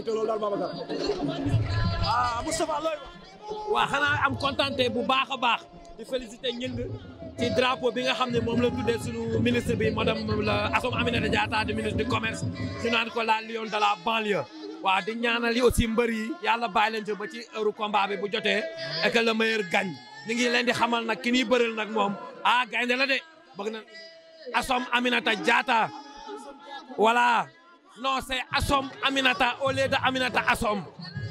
mbégte loolu daal Babacar. ah Moustapha looy wax. waaw xanaa am kontante bu baax a baax di félicité ñëng ci drapeau bi nga xam ne moom la tuddee sunu ministre bi madame la Assome Aminata Diatta di ministre du commerce ñu naan ko la lion de la banlieue. waaw di ñaanal yi aussi mbër yi yàlla bàyyi leen ci ba ci heure combat bi bu jotee et que le meilleur gagne ñu ngi leen di xamal nag ki ñuy bëreel nag moom ah gaynde la de bëgg na Assome Aminata Diatta voilà. non c'est Assom Aminata au lieu de Aminata Assom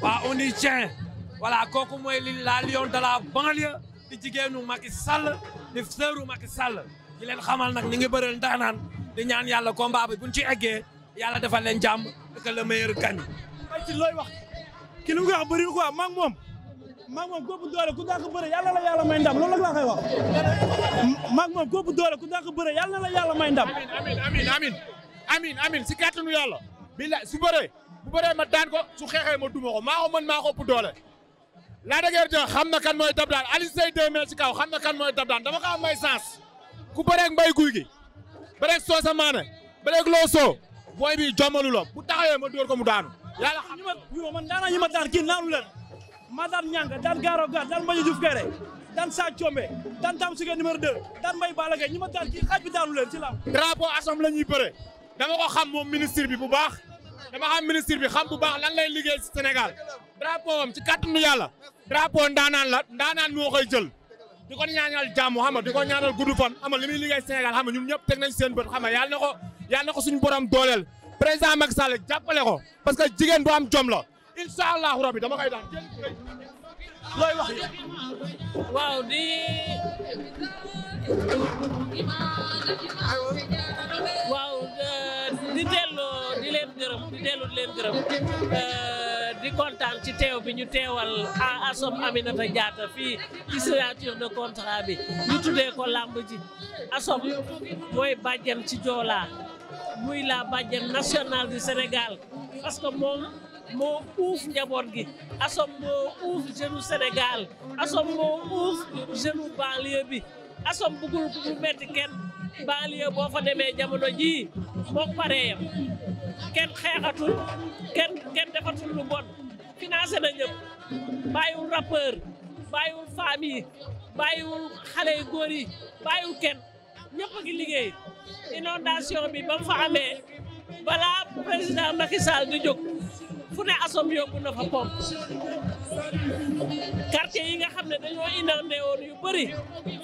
waaw on y tient voilà kooku mooy li la lion de la banlieue di jigéenu Macky Sall di sëru Macky Sall di leen xamal nag ñu ngi bëreel ndaanaan di ñaan yàlla combat bi buñ ci eggee yàlla defal leen jàmm que le meilleur gagne. ay ci looy wax ki lu nga wax bëri quoi maa ngi moom maa ngi moom góobu ku dàq bëre yàlla la yàlla may ndam loolu la laa koy wax maa ngi moom góobu doole ku dàq bëre yàlla la yàlla may ndam. amiin amiin amiin. amin amin si kàttanu yàlla billaay su bëree bu bëree ma daan ko su xeexee ma duma ko maa ko mën maa ko ëpp doole Lac de Guiers 2 xam na kan mooy dab daan ali Seye 2 mètres si kaw xam na kan mooy dab daan dama ko am may sens ku bëreeg mbay guy gi bëreeg soo sa maane bëreeg loo soo booy bi jommalu la bu taxawee ma dóor ko mu daanu yàlla xam ñi man daana ñi ma daan kii naanu leen ma daan ñàng daan gaaro gaar daan mbañu juf kere daan saa combe daan daam suge mbay baala gay ñi ma daan kii xaaj bi daanu leen ci la ñuy bëre dama ko xam moom ministre bi bu baax dama xam ministre bi xam bu baax lan lay liggéey ci Sénégal drapeau am ci kàttanu yàlla drapeau ndaanaan la ndaanaan moo koy jël di ko ñaanal jàmm xam nga di ko ñaanal gudd fan xam nga li muy liggéey Sénégal xam nga ñun ñëpp teg nañ seen bët xam nga yàlla ko yàlla na ko suñu borom dooleel président Macky Sall jàppale ko parce que jigéen bu am jom la incha allahu rabi dama koy daan looy wax waaw di leen gërëm di dellu leen gërëm euh, di kontaan ci teew bi ñu teewal ASOM Aminata Diatta fi ci signature de bi ñu tuddee ko làmb ji ASOM mooy bàjjen ci joolaa muy la bàjjen nationale du senegal parce que moom uuf njaboot gi ASOM moo uuf jeune Sénégal ASOM moo uuf jeune banlieue bi ASOM bëggul mu metti kenn banlieue boo fa demee jamono jii moo paree kenn xeexatul kenn kenn defatul lu bon financé na ñëpp bàyyiwul rappeur bàyyiwul femme yi bàyyiwul xale yu góor yi bàyyiwul kenn ñëpp a ngi liggéey inondation bi ba mu fa amee balaa président Macky Sall di jóg fu ne asom yóbbu na fa pompe yi nga xam ne dañoo inondé yu bëri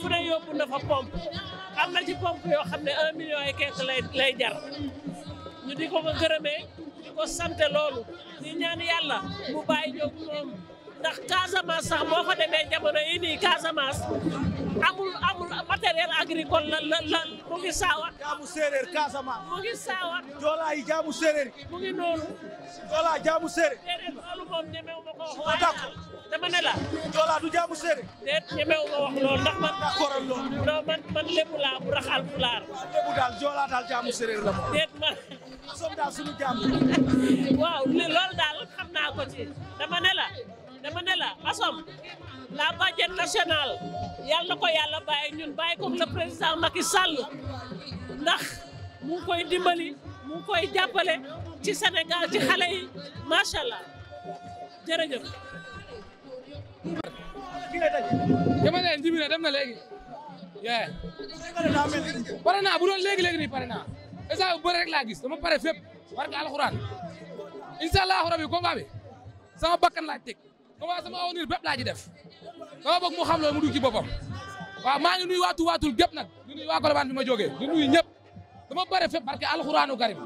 fu ne yóbbu na fa pompe na ci yoo xam ne un million et quelque lay jar ñu di ko ko sant loolu di ñaan yàlla mu bàyyi ñoom ndax Casamance sax boo fa demee jamono yi nii Casamance amul amul. terre agricole la la mu ngi saawa. jaamu séeréer mu ngi saawa. joolaa jaamu séeréer. mu ngi noonu. joolaa jaamu séeréer. déedéet loolu moom ñemewu ma ko wax. waaye daal dama la. joolaa du jaamu séeréer. déet ñemewu ma wax loolu ndax man. man man bu rax alpulaar. waaw lépp daal jaamu séeréer la moom. déet man. asom daal suñu jaam. waaw loolu daal xam naa ko ci dama ne dama ne la ASOM la budget nationale yàlla na ko yàlla bàyyi ñun bàyyi ko le président Macky ndax mu ngi koy dimbali mu ngi koy jàppale ci Sénégal ci xale yi macha allah jërëjëf. dama dem na léegi. pare naa bu doon léegi nii pare naa instant bu bëri rek laa gis dama pare fépp war nga alxuraan incha allah rabi combat sama bakkan laa teg. comment sama avenir bépp laa ci def dama bëgg mu xam loolu mu dugg ci boppam waaw maa ngi nuyu waatu waatul gépp nag di nuyu waa Colobane bi ma jógee di nuyu ñëpp dama bëre fépp barke alxuraanu karim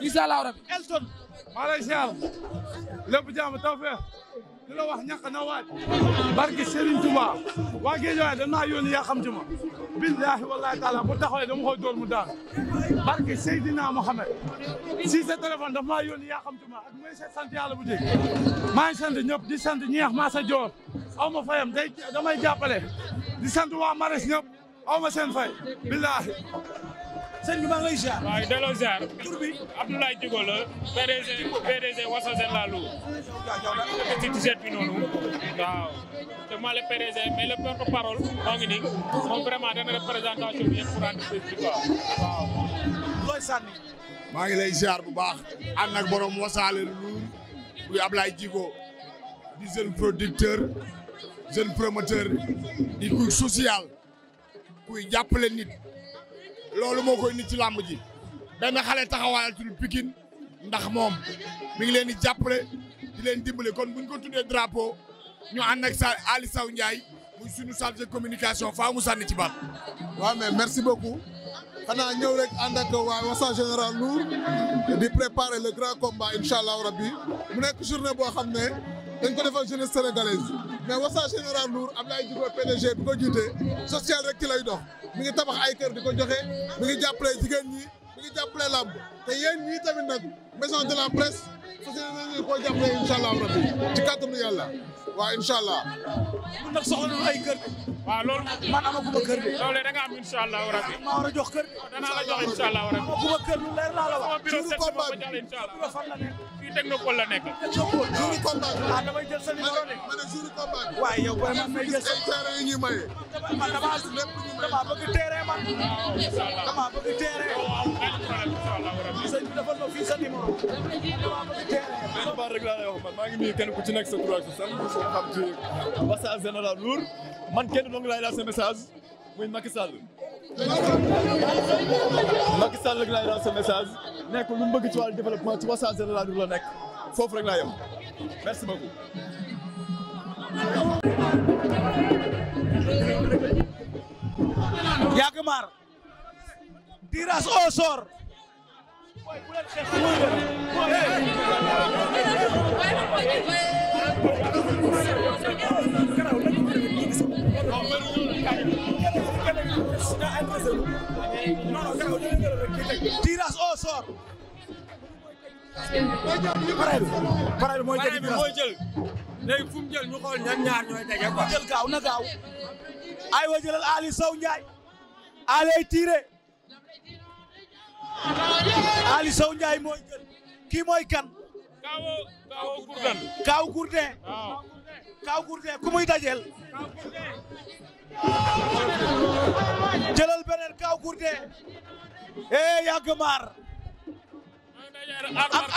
incha allahu rabi Elton maa lay siyaar lépp jàmm tawfeex di la wax ñàkk na waaj barki Serigne Touba waa Guédiawaye dañ maa yónni yaa xam ci ma billahi wallahi taala bu taxawee dama koy dóor mu daan barki Seydina Mohamed si sa téléphone daf maa yónni yaa xam ci ma ak may sa sant yàlla bu dégg maa ngi sant ñëpp di sant ñeex maa sa joor aw ma fayam day damay jàppale di sant waa Maris ñëpp aw ma seen fay billahi sëñ bi maa ngi lay ziar. waaw delloo ziar. tur bi Abdoulaye Djigo la PDG PDG Wassare Lalu. waaw yow ci t-shirt bi noonu. waaw te maa le PDG mais le porte parole moo ngi lay ziar bu baax ànd ak borom Wassare Lalu bu Abdoulaye Djigo di jeune producteur jeune promoteur di kuy social kuy jàppale loolu moo koy ci làmb ji benn xale taxawaayal tudd Pikine ndax moom mi ngi leen di jàppale di leen dimbale kon buñ ko tuddee drapeau ñu ànd ak sa Ali Saw Ndiaye muy suñu chargé communication faa sànni ci baat. waaw mais merci beaucoup xanaa ñëw rek ànd ak waa Wassare Général di préparer le grand combat incha allah rabbi mu nekk journée boo xam ne. dañ ko defal jeunesse sénégalaise mais Wassare Général Nour Abdoulaye Djigo PDG bi ko jiite social rek ci lay dox mi ngi tabax ay kër di ko joxe mi ngi jàppale jigéen ñi mi ngi jàppale làmb te yéen nii tamit nag maison de la presse fas yéene nañu koo jàppale incha allah rabbi ci kàttanu yàlla waaw incha allah. ñun nag soxla nañu ay kër. waaw loolu man amaguma kër de. loolee da nga am incha allah rabbi. ma war a jox kër. danaa la jox incha allah rabbi. amaguma kër lu leer laa la wax. juru combat bi juru fan la nekk. fii technopole la nekk. juru combat bi. ah damay jël sa numéro de. ma ne juru combat bi. waaye yow vraiment may jël sa. terrain yi ñuy maye. man damaa damaa bëgg terrain man. damaa bëgg terrain. ci sa man kenn ku ci nekk sa tur ak sa sant xam ci message général Lour sa message muy Macky Sall. Macky Sall rek message nekk lu mu bëgg ci wàllu développement ci message général Lour la nekk foofu rek laa merci beaucoup. Yaag maar tirage au sort tirage au oh, sort. pare bi pare bi mooy jël mooy jël jël ñu xool ñan ñaar ñooy daje quoi. gaaw na gaaw. aywa jëlal Ali Sow Ndiaye. Aliou ay tiré. Ali Sow Ndiaye mooy gën kii mooy kan. Kaaw Kaaw Gourdin. Kaaw Gourdin. ku muy dajeel. jëlal beneen Kaaw Gourdin. eh yàgg ak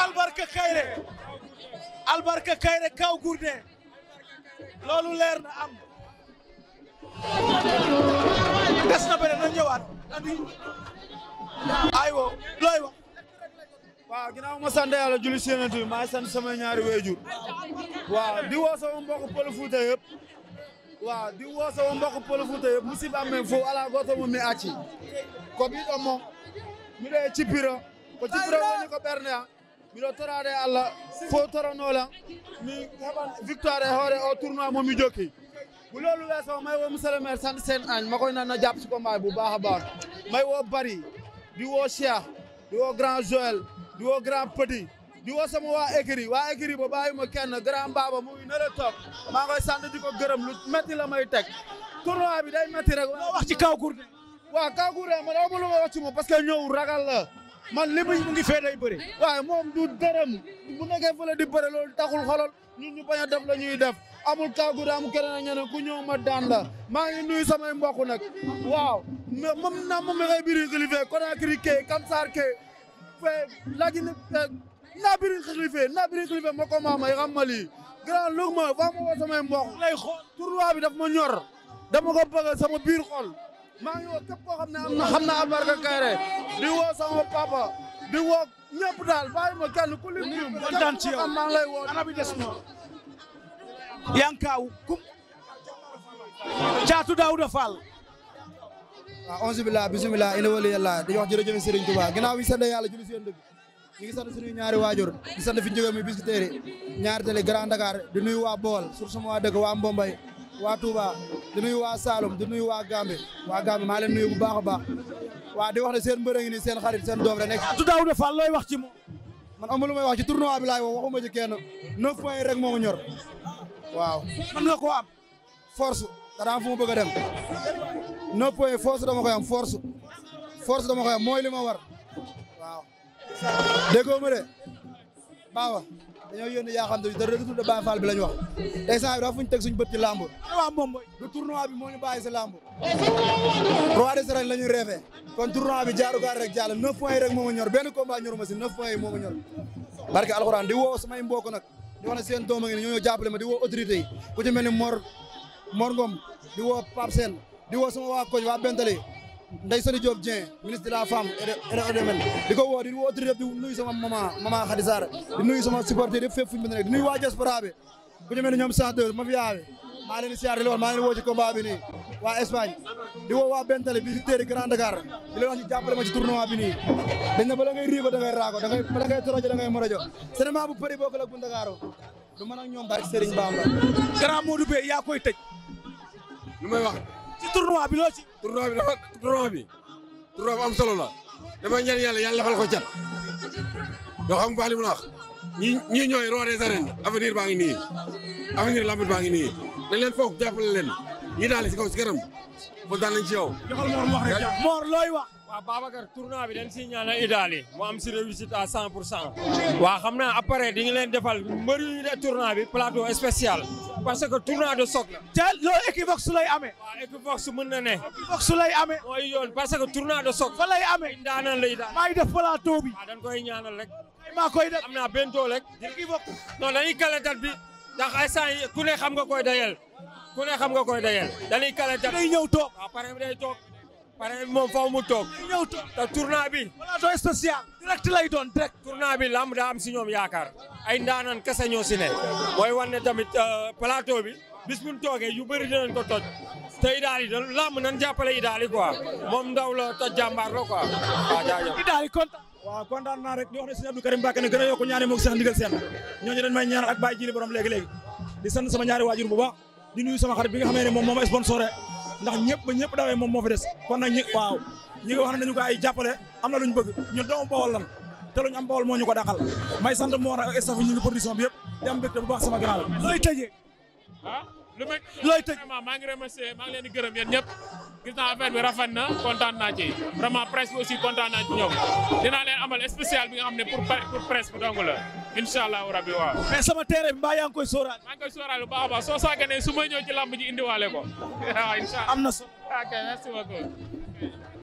Albarka Kayre. Albarka Kayre Kaaw Gourdin. loolu leer na am. des na beneen na ñëwaat andi. aywa looy wax. waaw ginnaaw ma sant yàlla julli si yéen a maa sant sama ñaari waajur waaw di woo sama mbokku pël Fuuta yëpp. di woo sama mbokku pël Fuuta yëpp musiba amee fo ala goto mo mi acci ko ɓiɗɗo mo miɗo e cippiro ko cippiro woni ko ɓernde an miɗo torade allah fo toranolan mi heɓan victoire e hoore o tournoi momi jokki bu loolu may woo monsieur le maire sant añ ma koy naan na jàpp si bu baax a baax may woo bari di woo Cheikh di woo grand Joël di woo grand Petit di woo sama waa écrit waa écrit ba bàyyi ma kenn grand Baba mu ngi nar a toog maa koy sant ko gërëm lu métti la may teg tournoi bi day métti rek. waaw wax ci kaw Gourdin. waaw kaw Gourdin man amul lu ma wax ci moom parce que ñëw ragal la. man li mu ngi fee day bëri waaye moom du dërëm bu nekkee fële di bëri loolu taxul xolal ñun ñu bañ a def la ñuy def amul kàggu amul keneen ak ñeneen ku ñëw ma daan la maa ngi nuyu samay mbokk nag waaw mais moom na moom mi ngay biri xilife Conakry ke Kamsar ke fe laagi ne naa biri xilife naa biri xilife ma ko maama yi xam ma lii lug ma faa ma woo samay mbokk lay xool bi daf ma ñor dama ko bëgg sama biir xol maa ngi woo képp koo xam ne am na xam na Albarka Kairé di woo sama papa di woo ñëpp daal bàyyi ma kenn ku lim lim kontaan ci yow maa kum caatu Daouda Fall waaw ah, onze billah bisimilah ina wali yàlla dañuy wax jërëjëf Serigne Touba ginnaaw bi sant yàlla julli seen dëgg ñu ngi ñaari waajur di sant fi ñu jógee muy biscuiterie ñaari télé Grand Dakar di nuyu waa Bawol sur waa dëkk waa Mbombay waa Touba di waa saalum di nuyu waa Gambe waa Gambe maa leen nuyu bu baax a baax waa di wax ne seen mbërë seen xarit seen doom rek nekk. Atou Daouda Fall looy wax ci moom. man amul lu may wax ci tournoi bi laay wax waxuma ci kenn neuf points rek moo ñor waaw. mën nga koo am. force dara bëgg a dem neuf points force dama koy am force force dama koy am mooy lima ma war waaw déggoo dañoo yónni yaa xam te dara du Baye Fall bi la ñu wax tey saa yi dafa ñu teg suñu bët ci làmb waaw moom mooy du tournoi bi moo ñu bàyyi si làmb roi des ñor benn combat ñoru ñor barke alxuraan di woo samay mbokk nag di wax ne seen doom a ma di woo autorité yi ku ci mel ni Mor Mor Ngom di woo Pape Sène di woo sama waa koñ waa Bentali Ndeye Sali Diop Dieng ministre la femme et des di ko woo di woo tur yëpp di nuyu sama maman maman Khady Sarr di nuyu sama supporter yëpp fépp fu ñu a nekk di nuyu waa diaspora bi bu ñu mel ni ñoom chanteur ma fi yaawe maa leen siyaar di la woon maa leen woo ci combat bi nii waa Espagne di woo waa Bentale bi ci téeri Grand Dakar di leen wax ñu jàppale ma ci tournoi bi nii dañ na ngay riiba da ngay raako da ngay bala ngay torojo da ngay morojo cinéma bu përi bokk du ci tournoi bi loo ci. bi dafa tournoi bi am solo la dama ñaan yàlla yàlla defal ko cat yoo xam nga la wax ñi ñii ñooy roi des arènes avenir baa ngi nii avenir lamb baa ngi nii dañ leen foog jàppale leen ñi daal si kaw si kanam ba daan nañ ci looy wax. waaw Babacar tournoi bi dañ siy ñaanal Italie mu am si réussite à 100 pour cent waaw naa après di ngi leen defal mbër yu ñu def tournoi bi plateau spécial parce que tournoi de soc la. te loolu Equivox lay amee. waaw Equivox mën na ne. lay amee. mooy yoon parce que tournoi de soc. fa lay amee daanaan lay daan. maa ngi def plateau bi. waaw koy ñaanal rek. maa koy am naa bentoo rek. Equivox non dañuy kale ku ne xam nga koy dayal ku ne xam nga koy dayal dañuy kale date bi. day ñëw toog waaw pare pare moom faw mu toog. ñëw toog te tournoi bi. wala doo spécial. direct lay doon direct. bi lamb daa am si ñoom yaakaar. ay ndaanan kese ñoo si ne. mooy wane tamit euh, plateau bi. bis bu ñu toogee yu bëri ko toj. te Idaly de lamb nan jàppale Idaly quoi moom ndaw la toj jàmbaar la quoi waaw jaajëf. Idaly kontaan. waaw rek di a yokk ñaari moog Cheikh Ndigal Sène ñooñu dañ may ñaanal ak Baye Jili borom léegi léegi di sant sama ñaari waajur bu baax di nuyu sama xarit bi nga xam ne moom moom sponsoré ndax ñëpp ba ñëpp dawee moom moo fi des kon nag ñi waaw ñi nga wax ne nañu ko ay am na luñ bëgg ñu doomu bawol lan te luñ am bawol moo ñu ko dàqal may sant moo ak staff ñu ngi bi yëpp di am mbégte bu baax sama grand looy tëjee looy tëj maa ngi remercier maa ngi leen di gërëm yéen ñëpp gis naa bi rafet na kontaan naa ci vraiment presse aussi kontaan naa ci dinaa leen amal spécial bi nga xam ne pour pour presse bi dong la incha allahu rabi waaw. mais sama teere bi mbaa yaa ngi koy sóoraale. maa ngi koy sóoraale bu soo saaganee su may ñëw ci làmb ji indiwaale ko waaw incha am na solo. ok merci beaucoup.